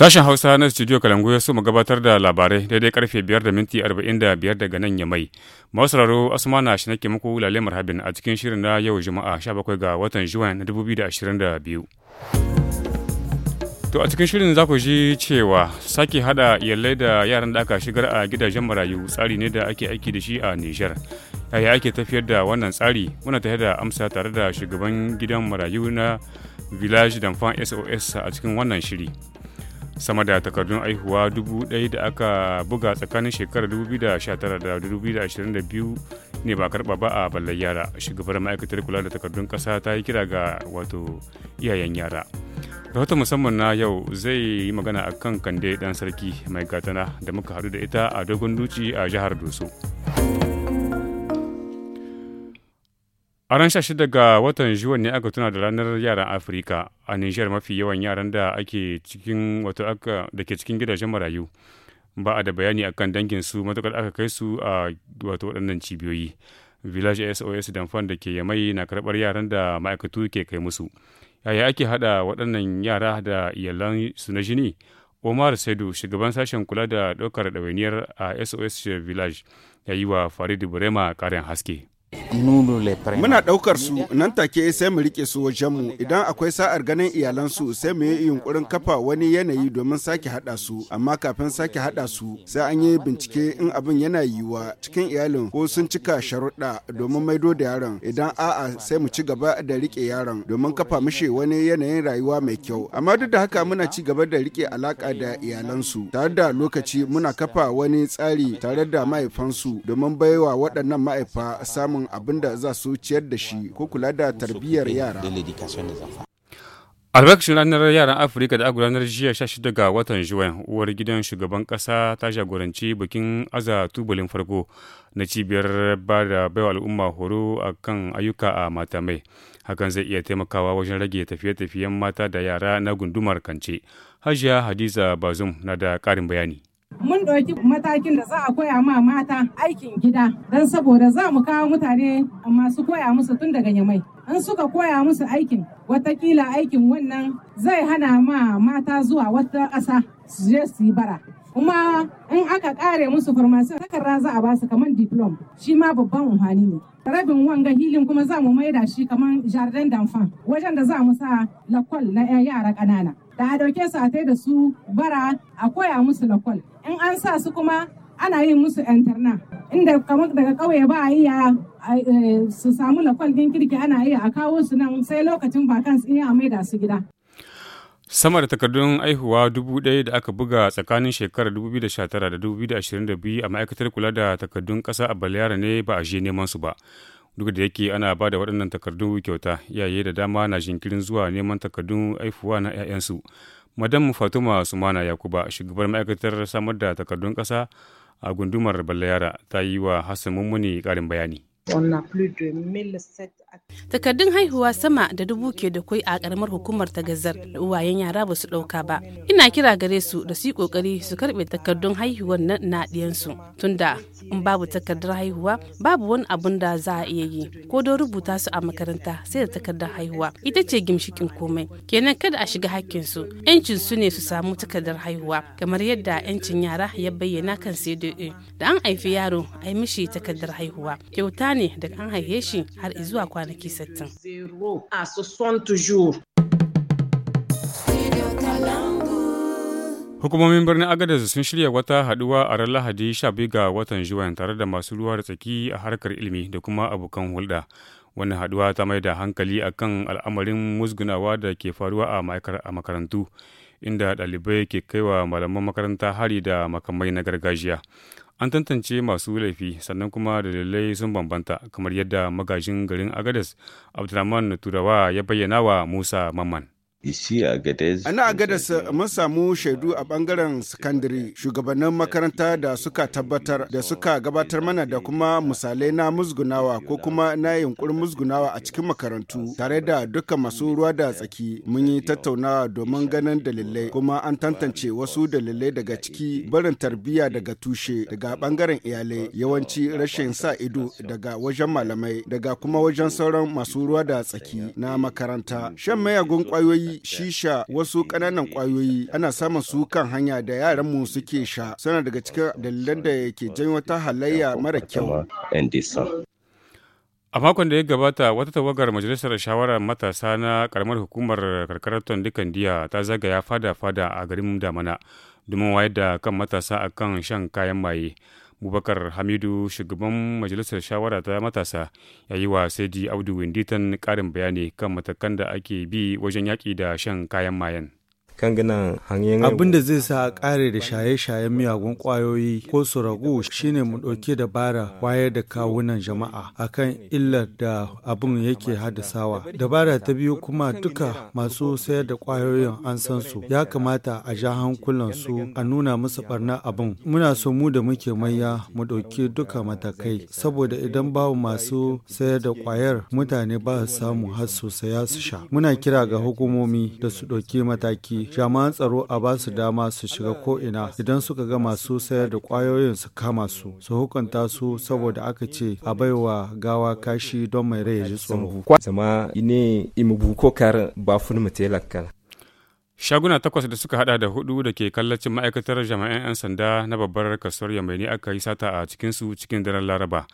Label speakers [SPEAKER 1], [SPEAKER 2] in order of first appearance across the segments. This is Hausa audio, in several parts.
[SPEAKER 1] Sashen Hausa na Studio Kalangu ya so mu gabatar da labarai daidai karfe 5 da minti 45 daga nan ya mai. Masararo Asmana shi nake muku lalle marhabin a cikin shirin na yau Juma'a 17 ga watan Juwan na 2022. To a cikin shirin za ku ji cewa sake hada yallai da yaran da aka shigar a gidajen marayu tsari ne da ake aiki da shi a Nijar. Yaya ake tafiyar da wannan tsari muna tare da amsa tare da shugaban gidan marayu na Village d'Enfants SOS a cikin wannan shiri. sama da takardun aihuwa dubu ɗaya da aka buga tsakanin shekarar 2019 da 2022 ne ba karɓa ba a ballar yara shugabar ma'aikatar kula da takardun ƙasa ta yi kira ga wato iyayen yara rahoton musamman na yau zai yi magana a kan kande ɗan sarki mai gatana da muka haɗu da ita a dogon duci a jihar doso. A ran 16 ga watan Juwan ne aka tuna da ranar yaran Afirka a Nijar mafi yawan yaran da ake cikin wato aka da ke cikin gidajen marayu ba a da bayani akan dangin su matukar aka kai su a wato waɗannan cibiyoyi. Village SOS Danfan da ke Yamai na karɓar yaran da ma'aikatu ke kai musu. Yaya ake haɗa waɗannan yara da iyalan su na jini? Omar Saidu, shugaban sashen kula da ɗaukar ɗawainiyar a SOS Village, ya yi wa Farid Burema ƙarin haske. Muna
[SPEAKER 2] ɗaukar su nan take sai mu rike su wajen mu idan akwai sa'ar ganin iyalansu sai mu yi yunkurin kafa wani yanayi domin sake haɗa su amma kafin sake haɗa su sai an yi bincike in abin yana yiwuwa cikin iyalin ko sun cika sharuɗa domin maido da yaron idan a'a sai mu ci gaba da rike yaron domin kafa mishi wani yanayin rayuwa mai kyau amma duk da haka muna ci gaba da rike alaka da iyalansu tare da lokaci muna kafa wani tsari tare da mahaifansu domin baiwa waɗannan mahaifa samun samun abin da za su ciyar da shi ko kula da tarbiyyar yara.
[SPEAKER 1] albarkacin ranar yaran afirka da a gudanar jiya 16 ga watan juwan uwar gidan shugaban kasa ta jagoranci bikin aza tubalin farko na cibiyar ba da baiwa al'umma horo a kan ayyuka a mata mai hakan zai iya taimakawa wajen rage tafiye-tafiyen mata da yara na gundumar kance hajiya hadiza bazum na da ƙarin bayani
[SPEAKER 3] Mun ɗauki matakin da za a koya ma mata aikin gida don saboda za mu kawo mutane masu koya musu tun daga yamai. In suka koya musu aikin watakila aikin wannan zai hana ma mata zuwa wata ƙasa su je su yi bara. Kuma in aka ƙare musu farmasi takarda za a ba su kamar diplom shi ma babban amfani ne. Rabin wanga hilin kuma za mu maida shi kamar jardin damfan wajen da za mu sa lakwal na yara ƙanana. Da a ɗauke su a da su bara a koya musu lakwal. in an sa su kuma ana yin musu interna inda kamar daga ƙauye ba a iya eh, su samu lakwal kirki ana yi a kawo su nan sai lokacin su in ya maida su gida
[SPEAKER 1] sama da takardun aihuwa dubu ɗaya da aka buga tsakanin shekarar 2019 da 2022 a ma'aikatar kula da takardun ƙasa a balyara ne ba a je neman su ba duk da yake ana ba da waɗannan takardun kyauta iyaye da dama na jinkirin zuwa neman takardun haifuwa na 'ya'yansu madam fatuma sumana yakuba shugabar ma'aikatar samar da takardun ƙasa a gundumar balayara ta yi wa hassan mummuni ƙarin bayani
[SPEAKER 2] Takardun haihuwa sama da dubu ke da kwai a karamar hukumar ta gazar da uwayen yara ba su ɗauka ba. Ina kira gare su da su yi ƙoƙari su karɓe takardun haihuwar na nadiyansu tunda in babu takardar haihuwa babu wani abun da za a iya yi ko don rubuta su a makaranta sai da takardar haihuwa ita ce gimshikin komai kenan kada a shiga su yancin su ne su samu takardar haihuwa kamar yadda yancin yara ya bayyana kan sai e. da an haifi yaro a yi mishi takardar haihuwa kyauta ne daga an haife shi har zuwa kwanaki 60.
[SPEAKER 3] Ah,
[SPEAKER 1] Hukumomin birnin Agadez sun shirya wata haduwa a ran Lahadi 12 ga watan Juwan tare da masu ruwa da tsaki a harkar ilimi da kuma abokan hulɗa. Wannan haduwa ta mai da hankali kan al'amarin musgunawa da ke faruwa a makarantu, inda ɗalibai ke kaiwa malaman makaranta hari da makamai na gargajiya. An tantance masu laifi sannan kuma dalilai sun bambanta kamar yadda magajin garin Agadas Abdulrahman Turawa ya bayyana wa Musa Mamman. A
[SPEAKER 2] na Agadez mun samu shaidu a bangaren sakandare shugabannin makaranta da suka tabbatar da suka gabatar mana da kuma misalai na musgunawa ko kuma na yunkurin musgunawa a cikin makarantu tare da duka masu ruwa da tsaki mun yi tattaunawa domin ganin dalilai kuma an tantance wasu dalilai daga ciki barin tarbiyya daga tushe daga bangaren iyalai yawanci rashin sa ido daga wajen malamai daga kuma wajen sauran masu ruwa da tsaki na makaranta shan mayagun kwayoyi shisha wasu ƙananan kwayoyi ana samun su kan hanya da yaran mu suke sha suna daga cikin dalilan da ke jan wata halayya mara kyau
[SPEAKER 1] a makon da ya gabata wata tawagar majalisar shawarar matasa na karamar hukumar karkarar tondikan diya ta zagaya fada-fada a garin damana domin wayar da kan matasa akan shan kayan maye Bubakar Hamidu shugaban majalisar shawara ta matasa ya yi wa Saidi abdu Winditan karin bayani kan matakan da ake bi wajen yaƙi da shan kayan mayan. abin da
[SPEAKER 4] zai sa a kare da shaye-shayen miyagun kwayoyi ko su ragu shine mu ɗauki dabara wayar da kawunan jama'a akan illar da abin yake haddasawa dabara ta biyu kuma duka masu sayar da kwayoyin an san su ya kamata a ja hankulan su a nuna musu barna abin muna so mu da muke manya mu ɗauki duka matakai saboda idan babu masu sayar da kwayar mutane ba su samu har su saya su sha muna kira ga hukumomi da su ɗauki mataki jami'an tsaro a ba su dama su shiga ko'ina idan suka ga masu sayar da kwayoyin su kama su su hukunta su saboda aka ce a baiwa gawa kashi don mai rai ya ji tsoro. Zama
[SPEAKER 1] Shaguna takwas da suka hada da hudu da ke kallacin ma'aikatar jami'an 'yan sanda na babbar kasuwar yamai ne aka yi sata a cikinsu cikin daren Laraba.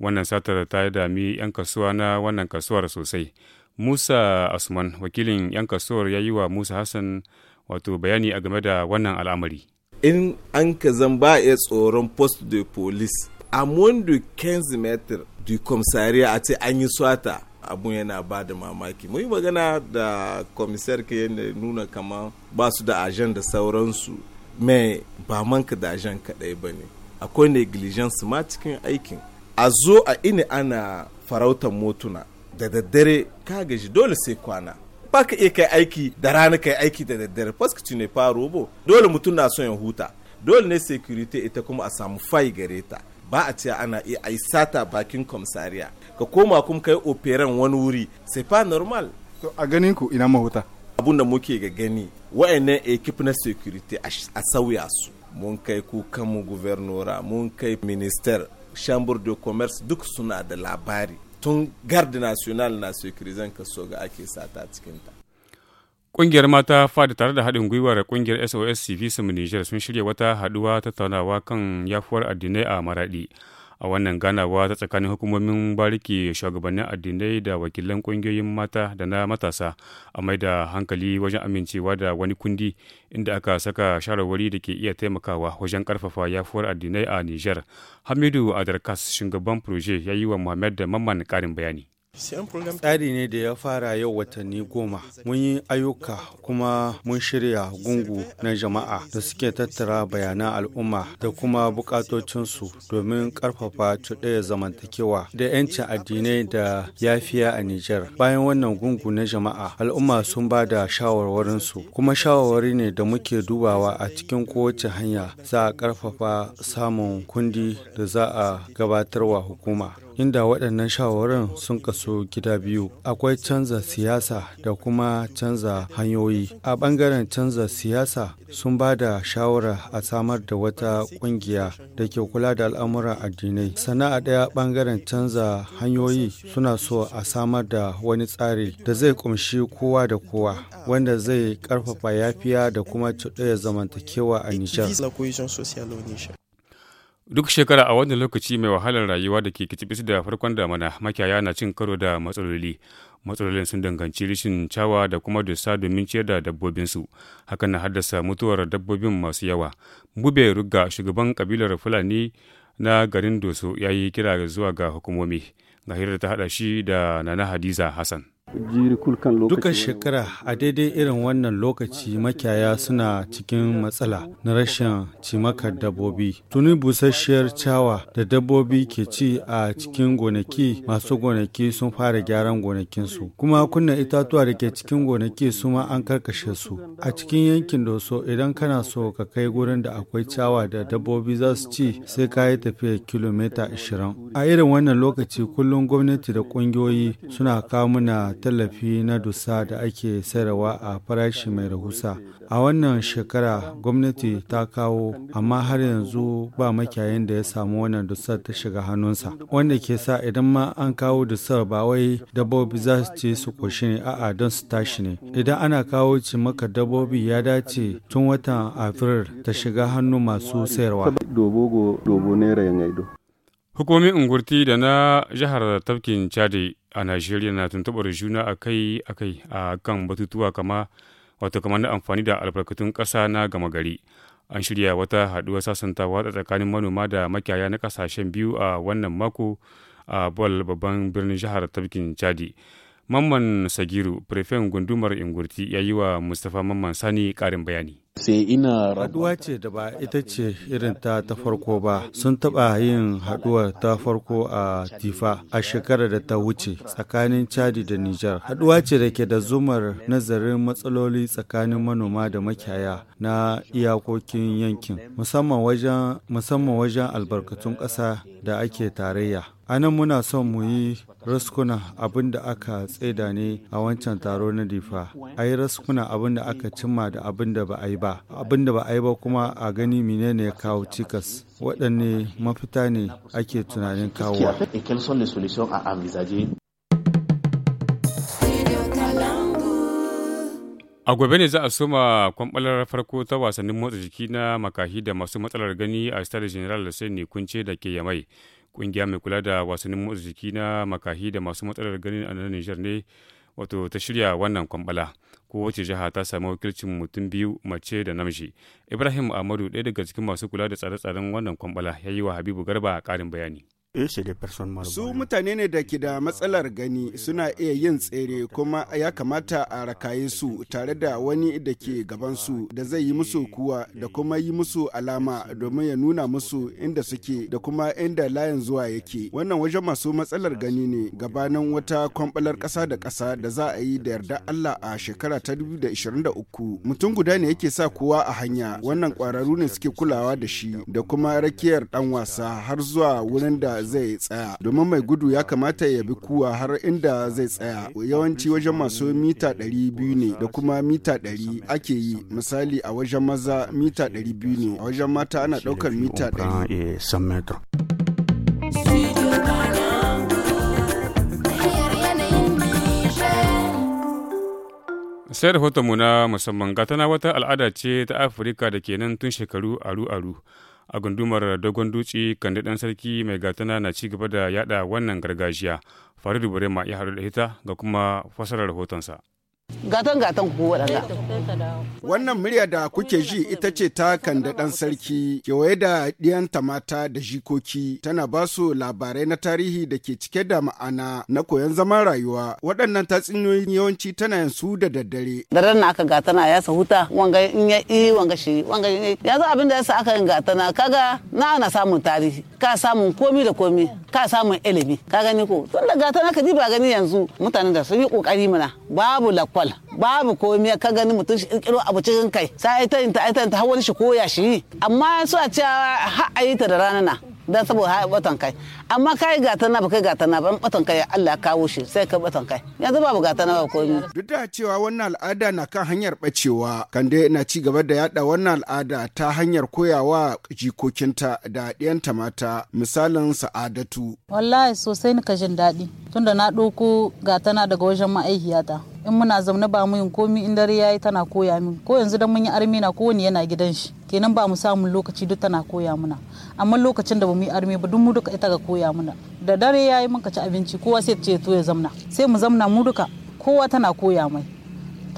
[SPEAKER 1] Wannan satar ta yi dami 'yan kasuwa na wannan kasuwar sosai. Musa Asman wakilin 'yan kasuwar ya yi wa Musa Hassan wato bayani a game da wannan al'amari. In
[SPEAKER 3] an ka zan ba tsoron post de police a mondo 15 meter du komisariya a ce an yi swata abun yana ba da mamaki. Mun yi magana da komisar ka yana nuna kama ba su da ajan da sauransu mai ba manka da ajan kaɗai ba ne. Akwai negligence ma cikin aikin. A zo a ini ana farautar motuna da daddare ka gaji dole sai kwana ba ka iya kai aiki da rana kai aiki da daddare faskaci ne faro robo dole mutum na son ya huta dole ne security ita kuma a samu fai gare ta ba a ce ana iya ai sata bakin komisariya ka koma kuma kai operan wani wuri sai fa normal to a ganin ku ina mahuta abun da muke ga gani wa'annan ekip na security a sauya su mun kai kukan mu guvernora mun kai minister chambre de commerce duk suna da labari tun garde national na ka so ga ake sata cikinta
[SPEAKER 1] Ƙungiyar mata fadi tare da haɗin gwiwar ƙungiyar SOS Civism Niger sun shirya wata haɗuwa tattaunawa kan yafuwar addinai a Maraɗi. a wannan ganawa ta tsakanin hukumomin bariki shugabannin addinai da wakilan kungiyoyin mata da na matasa a mai da hankali wajen amincewa da wani kundi inda aka saka shawarwari da ke iya taimakawa wajen karfafa yafuwar addinai a niger hamidu adarkas shugaban proje ya yi wa muhammad da mamman karin bayani
[SPEAKER 4] Tsari ne da ya fara yau watanni goma. Mun yi ayyuka kuma mun shirya gungu na jama'a da suke tattara bayanan al'umma da kuma bukatocinsu domin karfafa cuɗaya zamantakewa da 'yancin addinai da yafiya a Nijar. Bayan wannan gungu na jama'a, al'umma sun ba da shawarwarinsu kuma shawarwari ne da muke dubawa a cikin kowace hanya za a karfafa samun kundi da za a gabatarwa hukuma. inda waɗannan shawarar sun kaso gida biyu. Akwai canza siyasa da kuma canza hanyoyi. A ɓangaren canza siyasa sun ba da shawara a samar da wata ƙungiya da ke kula da al'amuran addinai. Sana'a ɗaya ɓangaren canza hanyoyi suna so a samar da wani tsari da zai ƙumshi kowa da kowa wanda zai ƙarfafa yafiya da kuma cuɗaya zamantakewa a Nijar.
[SPEAKER 1] Duk shekara a wannan lokaci mai wahalar rayuwa da ke kicibis da farkon damana makiyaya na cin karo da matsaloli. Matsalolin sun danganci rishin cawa da kuma dusa domin ciyar da dabbobinsu. Hakan na haddasa mutuwar dabbobin masu yawa. Bube ruga shugaban kabilar Fulani na garin Doso ya yi kira zuwa ga hukumomi. Ga ta hada shi da Nana Hadiza Hassan.
[SPEAKER 4] Duka shekara a daidai irin wannan lokaci makiyaya suna cikin matsala na rashin cimakar dabbobi. Tuni busasshiyar cawa da dabbobi ke ci a cikin gonaki masu gonaki sun fara gyaran gonakinsu. Kuma kunna itatuwa da ke cikin gonaki su ma an karkashe su. A cikin yankin doso idan kana so ka kai gurin da akwai cawa da dabbobi za su ci sai ka yi tafiya kilomita 20. A irin wannan lokaci kullum gwamnati da ƙungiyoyi suna kawo tallafi na dusa da ake sayarwa a farashi mai rahusa. A wannan shekara gwamnati ta kawo amma har yanzu ba makiyayin da ya samu wannan dusar ta shiga hannunsa. Wanda ke sa idan ma an kawo dusar ba wai dabbobi za su ce su koshi ne a'a don su tashi ne. Idan ana kawo maka dabbobi ya dace tun watan Afril ta shiga hannu masu sayarwa.
[SPEAKER 1] Hukumomin Ungurti da na jihar tafkin Chadi a Najeriya na tuntubar juna akai kai a kan batutuwa kama wato kamar na amfani da albarkatun ƙasa na gama gari. An shirya wata haɗuwar sasantawa tsakanin manoma da makiyaya na ƙasashen biyu a wannan mako a Bol babban birnin jihar tafkin Chadi. Mamman Sagiru, prefen gundumar Ingurti ya yi wa Mustapha Mamman Sani ƙarin bayani.
[SPEAKER 4] Haduwa ce da ba ita ce irin ta ta farko ba, sun taɓa yin haduwa ta farko a Tifa a shekarar da ta wuce tsakanin Chadi da Nijar. Haduwa ce da ke da zumar nazarin matsaloli tsakanin manoma da makiyaya na iyakokin yankin, musamman wajen albarkatun ƙasa da ake tarayya. Anan muna son mu yi raskuna abin da aka tsaida ne a wancan taro na difa a yi raskuna abin da aka cimma da abin da ba a yi ba ba da ba a yi ba kuma a gani menene ya kawo cikas waɗanne mafita ne ake tunanin kawo
[SPEAKER 1] A gobe ne za a soma kwamɓalar farko ta wasannin motsa jiki na makahi da masu matsalar gani a Stade General Sani Kunce da ke Yamai. Ƙungiya mai kula da wasannin motsa jiki na makahi da masu matsalar gani a nan Nijar ne wato ta shirya wannan kwambala kowace jiha ta samu wakilcin mutum biyu mace da namiji ibrahim amadu ɗaya daga cikin masu kula da tsare-tsaren wannan kwambala ya yi wa habibu garba a ƙarin bayani Eh,
[SPEAKER 2] su mutane ne da ke da matsalar gani suna iya yin tsere kuma ya kamata a rakaye su tare da wani da ke gabansu da zai yi musu kuwa da kuma yi musu alama domin ya nuna musu inda suke da kuma inda layin zuwa yake. Wannan wajen masu matsalar gani ne gabanin wata kwambalar ƙasa da ƙasa da za a yi da yarda Allah a shekara ta 2023. Mutum guda ne yake sa kowa a hanya wannan ƙwararru ne suke kulawa da shi da kuma rakiyar ɗan wasa har zuwa wurin da zai tsaya domin mai gudu ya kamata ya bi kuwa har inda zai tsaya yawanci wajen masu mita 200 ne da kuma mita 100 ake yi misali a wajen maza mita 200 ne a wajen mata ana daukar mita
[SPEAKER 4] 100
[SPEAKER 1] sai mu na musamman gatana wata al'ada ce ta afirka da ke nan tun shekaru aru-aru a gundumar dogon dutse kande dan sarki mai gatana na ci gaba da yada wannan gargajiya farid burema ya haɗu da ita ga kuma fasarar rahotonsa
[SPEAKER 4] gatan
[SPEAKER 2] gatan ku waɗanda. Wannan murya da kuke ji ita ce ta kanda ɗan sarki kewaye da ɗiyanta mata da jikoki tana ba su labarai na tarihi da ke cike da ma'ana na koyon zaman rayuwa waɗannan tatsuniyoyin yawanci tana yin su da daddare.
[SPEAKER 1] Da ran aka gatana ya sa wanga in ya iya wanga shi wanga ya za abin da ya sa aka yin gatana kaga na ana samun tarihi ka samun komi da komi. ka samun ilimi ka gani ko tun da gata naka ba gani yanzu mutanen da sun yi kokari mana babu lakwal babu komai ka gani mutum shi kirkiro abu cikin kai sai ita ta ita har hawan shi koya shi amma su a cewa har ayi ta da rana dan saboda batan kai amma kai gata na ba kai gata na ba batan kai Allah kawo shi sai ka batan kai yanzu babu gata na ba komai
[SPEAKER 2] duk da cewa wannan al'ada na kan hanyar bacewa kande na ci gaba da yada wannan al'ada ta hanyar koyawa jikokinta da ɗiyanta mata misalin sa'adatu
[SPEAKER 1] wallahi sosai ka jin daɗi tunda na ɗauko gatana daga wajen ma'aikiyata in muna zaune ba mu yin komi in dare yayi tana koya min ko yanzu dan mun yi armina ko wani yana gidan shi kenan ba mu samun lokaci duk tana koya muna amma lokacin da ba mu yi arme ba duk mu duka ita ga koya muna da dare yayi mun
[SPEAKER 3] ci abinci kowa sai ce to ya zamna sai mu zamna mu duka kowa tana koya mai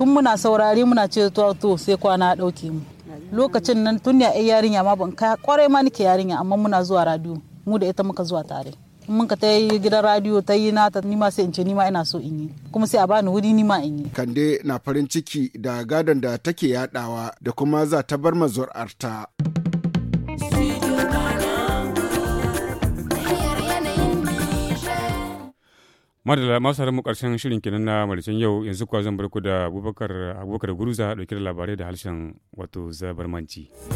[SPEAKER 3] tun muna saurare muna ce to to sai kwana dauke mu lokacin nan tun ya yarinya ma ban kwarai ma nake yarinya amma muna zuwa radio mu da ita muka zuwa tare mun ka ta yi gidan radio ta yi nata ni ma sai in ce ni ma ina so in yi kuma sai a bani wuri ni ma in yi
[SPEAKER 2] kande na farin ciki da gadon da take yadawa da kuma za ta bar mazur'arta
[SPEAKER 1] madala masu mu karshen shirin kenan na malicin yau yanzu kuwa zan bar ku da abubakar abubakar guruza dauke da labarai da harshen wato zabarmanci. manci